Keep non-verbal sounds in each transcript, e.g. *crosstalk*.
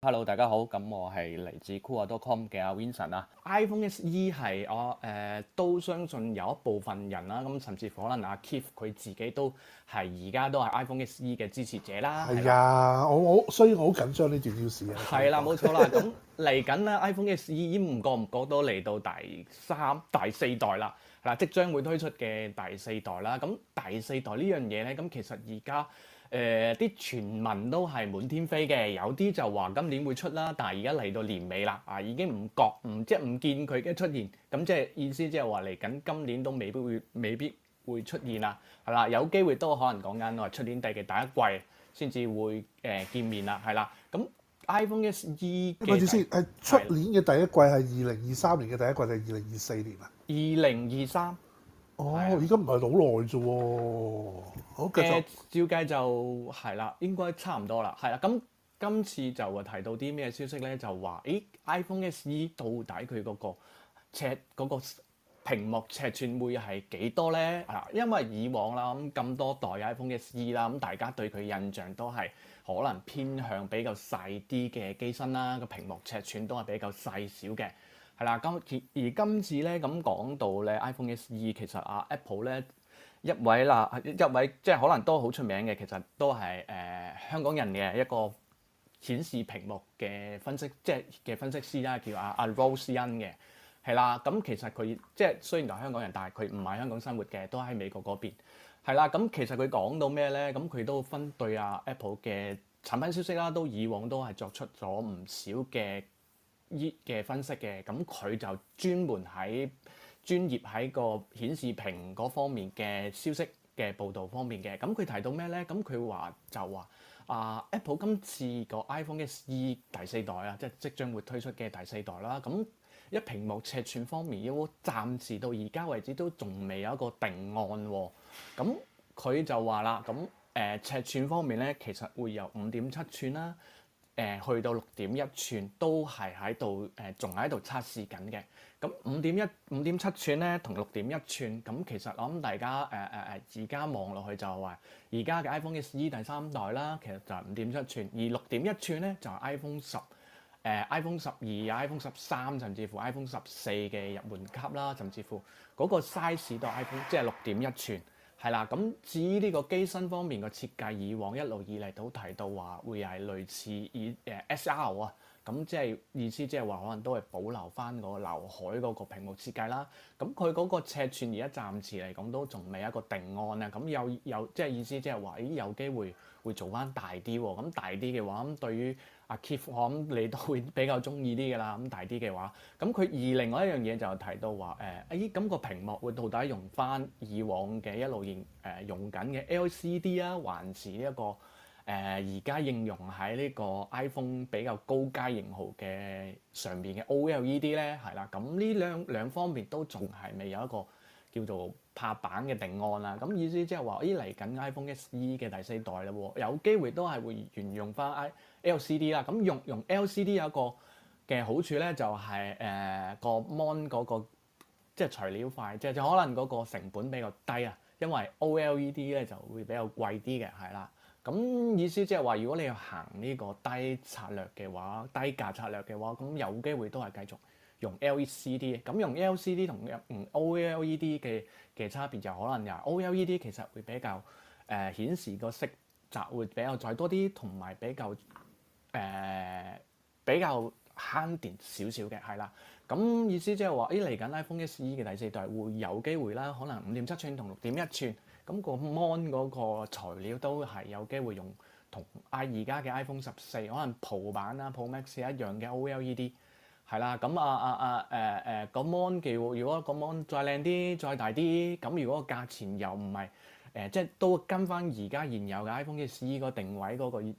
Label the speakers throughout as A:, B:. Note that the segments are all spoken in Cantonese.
A: Hello，大家好，咁我係嚟自 qooah.com 嘅阿 Vincent 啊。iPhone SE 係我誒、呃、都相信有一部分人啦，咁甚至乎可能阿 Kif 佢自己都係而家都係 iPhone SE 嘅支持者啦。係
B: 啊的的，我我所以我好緊張呢段小事啊。係啦，冇錯啦。咁
A: 嚟緊咧，iPhone SE 已經唔覺唔覺都嚟到第三、第四代啦。嗱，即將會推出嘅第四代啦，咁第四代呢樣嘢咧，咁其實而家誒啲傳聞都係滿天飛嘅，有啲就話今年會出啦，但係而家嚟到年尾啦，啊已經唔覺唔即係唔見佢嘅出現，咁即係意思即係話嚟緊今年都未必會未必會出現啦，係啦，有機會都可能講緊我出年第，第一季先至會誒見面啦，係啦。iPhone SE 記住先，
B: 係出年嘅第一季係二零二三年嘅第一季定係二零
A: 二四年啊？二零二三，
B: 哦，而家唔係好耐啫喎。
A: 好，繼續，照計就係啦，應該差唔多啦，係啦。咁今次就話提到啲咩消息呢？就話，誒 iPhone SE 到底佢嗰個尺嗰、嗰個？屏幕尺寸會係幾多呢？嗱，因為以往啦，咁咁多代 iPhone SE 啦，咁大家對佢印象都係可能偏向比較細啲嘅機身啦，個屏幕尺寸都係比較細小嘅，係啦。咁而今次呢，咁講到咧 iPhone SE，其實啊 Apple 呢一位啦，一位，一位，一位即係可能都好出名嘅，其實都係誒、呃、香港人嘅一個顯示屏幕嘅分析，即係嘅分析師啦，叫啊阿 Ross Young 嘅。Rose 係啦，咁其實佢即係雖然係香港人，但係佢唔喺香港生活嘅，都喺美國嗰邊係啦。咁其實佢講到咩咧？咁佢都分對啊 Apple 嘅產品消息啦，都以往都係作出咗唔少嘅依嘅分析嘅。咁佢就專門喺專業喺個顯示屏嗰方面嘅消息嘅報導方面嘅。咁佢提到咩咧？咁佢話就話啊 Apple 今次個 iPhone SE 第四代啊，即係即將會推出嘅第四代啦。咁一屏幕尺寸方面，暫時到而家為止都仲未有一個定案喎。咁、嗯、佢就話啦，咁、呃、誒尺寸方面咧，其實會由五點七寸啦，誒、呃、去到六點一寸，都係喺度誒，仲喺度測試緊嘅。咁五點一、五點七寸咧同六點一寸，咁其實我諗大家誒誒誒而家望落去就話而家嘅 iPhone SE 第三代啦，其實就係五點七寸，而六點一寸咧就係、是、iPhone 十。誒 iPhone 十二、iPhone 十三，甚至乎 iPhone 十四嘅入門級啦，甚至乎嗰個 size 都 iPhone，即係六點一寸，係啦。咁至於呢個機身方面嘅設計，以往一路以嚟都提到話會係類似 XR 啊，咁即係意思即係話可能都係保留翻嗰個流海嗰個屏幕設計啦。咁佢嗰個尺寸而家暫時嚟講都仲未一個定案啊。咁有有即係意思即係話咦有機會會做翻大啲喎？咁大啲嘅話咁對於。啊，Keith，我諗你都會比較中意啲㗎啦，咁大啲嘅話，咁佢而另外一樣嘢就提到話，誒、哎，咦，咁個屏幕會到底用翻以往嘅一路用誒用緊嘅 LCD 啊，還是呢、這、一個誒而家應用喺呢個 iPhone 比較高階型號嘅上邊嘅 OLED 咧？係啦，咁呢兩兩方面都仲係未有一個。叫做拍板嘅定案啦，咁意思即係話，咦嚟緊 iPhone SE 嘅第四代啦喎，有機會都係會沿用返 LCD 啦。咁用用 LCD 有一個嘅好處咧、就係，就係誒個 mon 嗰、嗰個即係材料快，即係可能嗰個成本比較低啊，因為 OLED 咧就會比較貴啲嘅，係啦。咁意思即係話，如果你要行呢個低策略嘅話，低價策略嘅話，咁有機會都係繼續。用 LCD 咁用 LCD 同 OLED 嘅嘅差別就可能又 OLED 其實會比較誒、呃、顯示個色澤會比較再多啲，同埋比較誒、呃、比較慳電少少嘅，係啦。咁意思即係話，依、欸、嚟緊 iPhone SE 嘅第四代會有機會啦，可能五點七吋同六點一吋，咁、那個 mon 嗰個材料都係有機會用同 I 而家嘅 iPhone 十四可能 Pro 版啦 Pro Max 一樣嘅 OLED。係啦，咁啊啊啊誒誒，個 mon 如果如果個 mon 再靚啲，再大啲，咁如果個價錢又唔係誒，即係都跟翻而家現有嘅 iPhone SE 個定位嗰個誒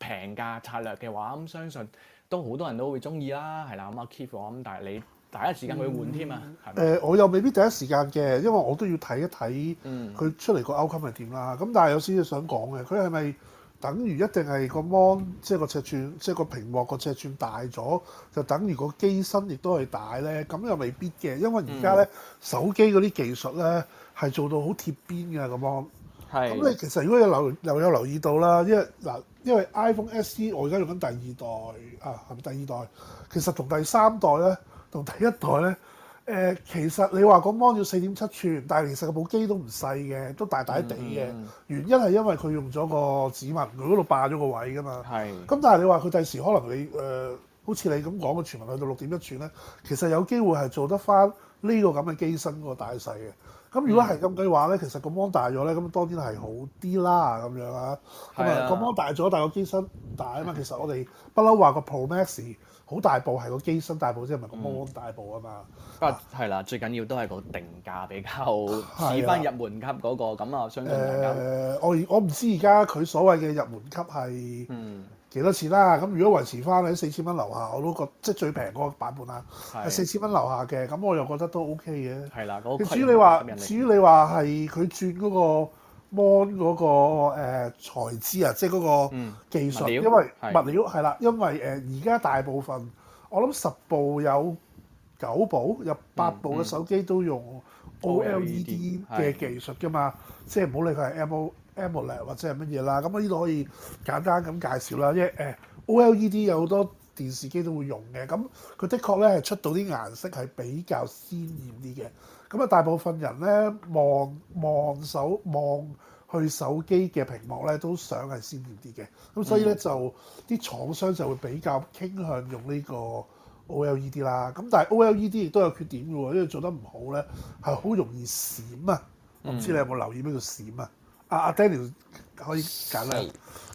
A: 平價策略嘅話，咁相信都好多人都會中意啦，係啦，咁啊 keep 住，咁但係你第一時間會換添啊？誒，
B: 我又未必第一時間嘅，因為我都要睇一睇佢出嚟個 outcome 係點啦。咁但係有少少想講嘅，佢係咪？等於一定係個芒，即係個尺寸，即係個屏幕個尺寸大咗，就等於個機身亦都係大咧。咁又未必嘅，因為而家咧手機嗰啲技術咧係做到好貼邊嘅咁樣。係的。咁你其實如果有留又有留意到啦，因為嗱，因為 iPhone SE 我而家用緊第二代啊，係咪第二代？其實同第三代咧，同第一代咧。誒、呃，其實你話個芒要四點七吋，但係其實個部機都唔細嘅，都大大地嘅。嗯、原因係因為佢用咗個指紋，佢嗰度霸咗個位㗎嘛。係是。咁但係你話佢第時可能你誒。呃好似你咁講個傳聞去到六點一寸咧，其實有機會係做得翻呢個咁嘅機身個大細嘅。咁如果係咁嘅話咧，嗯、其實個芒大咗咧，咁當然係好啲啦咁樣啊。咁啊、嗯，嗯、個芒大咗，但個機身唔大啊嘛。其實我哋不嬲話個 Pro Max 好大部係個機身大部，即唔咪個芒大部啊嘛。
A: 不過係啦，最緊要都係個定價比較似翻入門級嗰、那個。咁啊，那個、我想大、嗯、
B: 我我唔知而家佢所謂嘅入門級係嗯。幾多錢啦、啊？咁如果維持翻喺四千蚊樓下，我都覺即係最平嗰個版本啦，
A: 係四千
B: 蚊樓下嘅，咁我又覺得都 OK 嘅。係啦，嗰
A: 個至於你話，至於
B: 你話係佢轉嗰個 mon 嗰、嗰個誒材質啊，即係嗰個技術，嗯、因為的物料係啦，因為誒而家大部分我諗十部有九部有八部嘅手機都用 OLED 嘅技術㗎嘛、嗯嗯嗯，即係唔好理佢係 MO。AMOLED 或者係乜嘢啦，咁啊呢度可以簡單咁介紹啦，因為、呃、 *music* OLED 有好多電視機都會用嘅，咁佢的確咧係出到啲顏色係比較鮮豔啲嘅，咁啊大部分人咧望望手望去手機嘅屏幕咧都想係鮮豔啲嘅，咁所以咧、嗯、就啲廠商就會比較傾向用呢個 OLED 啦，咁但係 OLED 亦都有缺點嘅喎，因為做得唔好咧係好容易閃啊，嗯、我唔知你有冇留意咩叫閃啊？阿阿、啊、
C: Daniel 可
B: 以
C: 揀啦。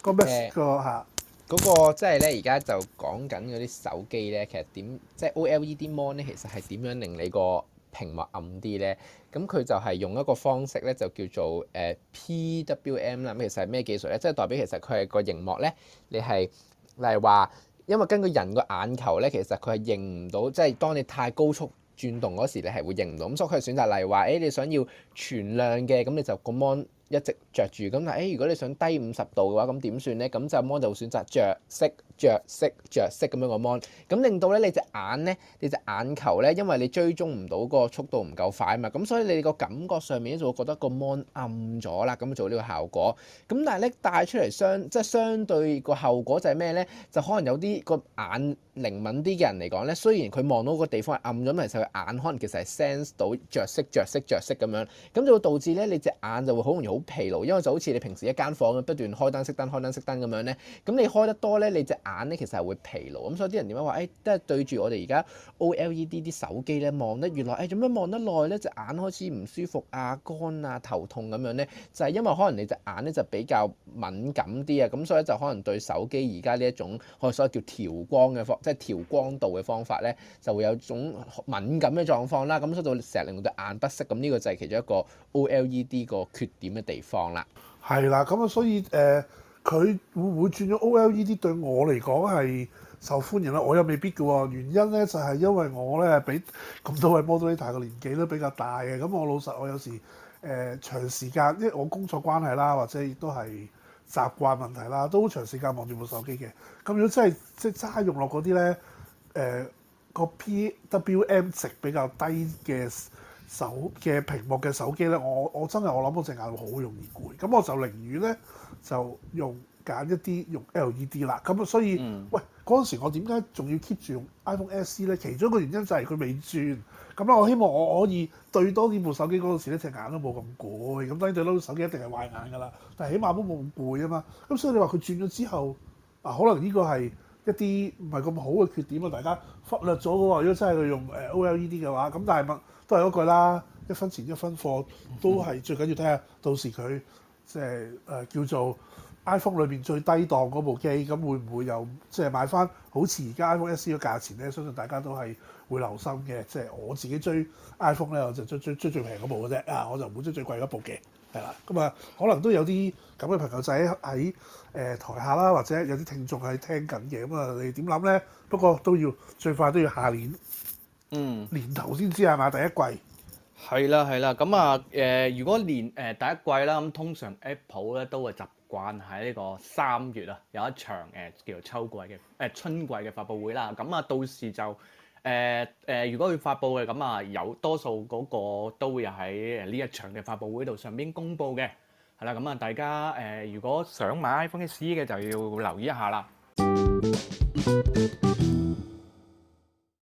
C: 個咩個嚇？嗰、呃、個即係咧，而家就講緊嗰啲手機咧。其實點即係 OLED Mon 咧，其實係點樣令你個屏幕暗啲咧？咁佢就係用一個方式咧，就叫做誒 PWM 啦。咁其實係咩技術咧？即係代表其實佢係個熒幕咧，你係例如話，因為根據人個眼球咧，其實佢係認唔到，即係當你太高速轉動嗰時，你係會認唔到。咁所以佢選擇例如話，誒、欸、你想要全亮嘅，咁你就個 Mon，一直着住咁，但係，如果你想低五十度嘅話，咁點算咧？咁就 mon 就會選擇著色、着色、着色咁樣個 mon，咁令到咧你隻眼咧，你隻眼球咧，因為你追蹤唔到個速度唔夠快嘛，咁所以你個感覺上面咧就會覺得個 mon 暗咗啦，咁做呢個效果。咁但係咧帶出嚟相即係相對個後果就係咩咧？就可能有啲個眼靈敏啲嘅人嚟講咧，雖然佢望到個地方係暗咗，但其實佢眼可能其實係 sense 到着色、着色、着色咁樣，咁就會導致咧你隻眼就會好容易好。好疲勞，因為就好似你平時一間房不斷開燈熄燈開燈熄燈咁樣咧，咁你開得多咧，你隻眼咧其實係會疲勞，咁所以啲人點解話誒，即係對住我哋而家 OLED 啲手機咧望得，原來誒做咩望得耐咧，隻眼開始唔舒服啊，乾啊，頭痛咁樣咧，就係因為可能你隻眼咧就比較敏感啲啊，咁所以就可能對手機而家呢一種我哋所謂叫調光嘅方，即係調光度嘅方法咧，就會有種敏感嘅狀況啦，咁所以就成日令到隻眼不適，咁呢個就係其中一個 OLED 個缺點嘅。地方啦，
B: 係啦，咁啊，所以誒，佢、呃、會唔會轉咗 OLED？對我嚟講係受歡迎啦，我又未必嘅喎。原因咧就係、是、因為我咧俾咁多位 modeler 嘅年紀都比較大嘅，咁我老實，我有時誒、呃、長時間，因為我工作關係啦，或者亦都係習慣問題啦，都好長時間望住部手機嘅。咁如果真係即係揸用落嗰啲咧，誒、呃、個 PWM 值比較低嘅。手嘅屏幕嘅手機咧，我我真係我諗我隻眼會好容易攰，咁，我就寧願咧就用揀一啲用 LED 啦。咁啊，所以、嗯、喂嗰陣時我點解仲要 keep 住用 iPhone SE 咧？其中一個原因就係佢未轉咁啦。我希望我可以對多幾部手機嗰陣時咧隻眼都冇咁攰，咁，當然對多部手機一定係壞眼㗎啦。但係起碼都冇咁攰啊嘛。咁所以你話佢轉咗之後啊，可能呢個係。一啲唔係咁好嘅缺點啊，大家忽略咗嘅喎。如果真係佢用誒 OLED 嘅話，咁但係都係嗰句啦，一分錢一分貨，都係最緊要睇下到時佢即係誒叫做 iPhone 裏邊最低檔嗰部機，咁、嗯、會唔會又即係買翻好似而家 iPhone SE 嘅價錢咧？相信大家都係會留心嘅。即係我自己追 iPhone 咧，我就追追追最平嗰部嘅啫。啊，我就唔會追最貴嗰部嘅。係啦，咁啊，可能都有啲咁嘅朋友仔喺誒、呃、台下啦，或者有啲聽眾係聽緊嘅，咁啊，你點諗咧？不過都要最快都要下年，嗯，年頭先知係嘛？第一季，
A: 係啦，係啦，咁啊誒，如果年誒、呃、第一季啦，咁通常 Apple 咧都會習慣喺呢個三月啊有一場誒、呃、叫做秋季嘅誒、呃、春季嘅發布會啦，咁啊到時就。誒誒、呃呃，如果要發布嘅咁啊，有多數嗰個都會喺呢一場嘅發布會度上邊公布嘅，係啦，咁啊，大家誒、呃，如果想買 iPhone X 嘅，就要留意一下啦。 *music*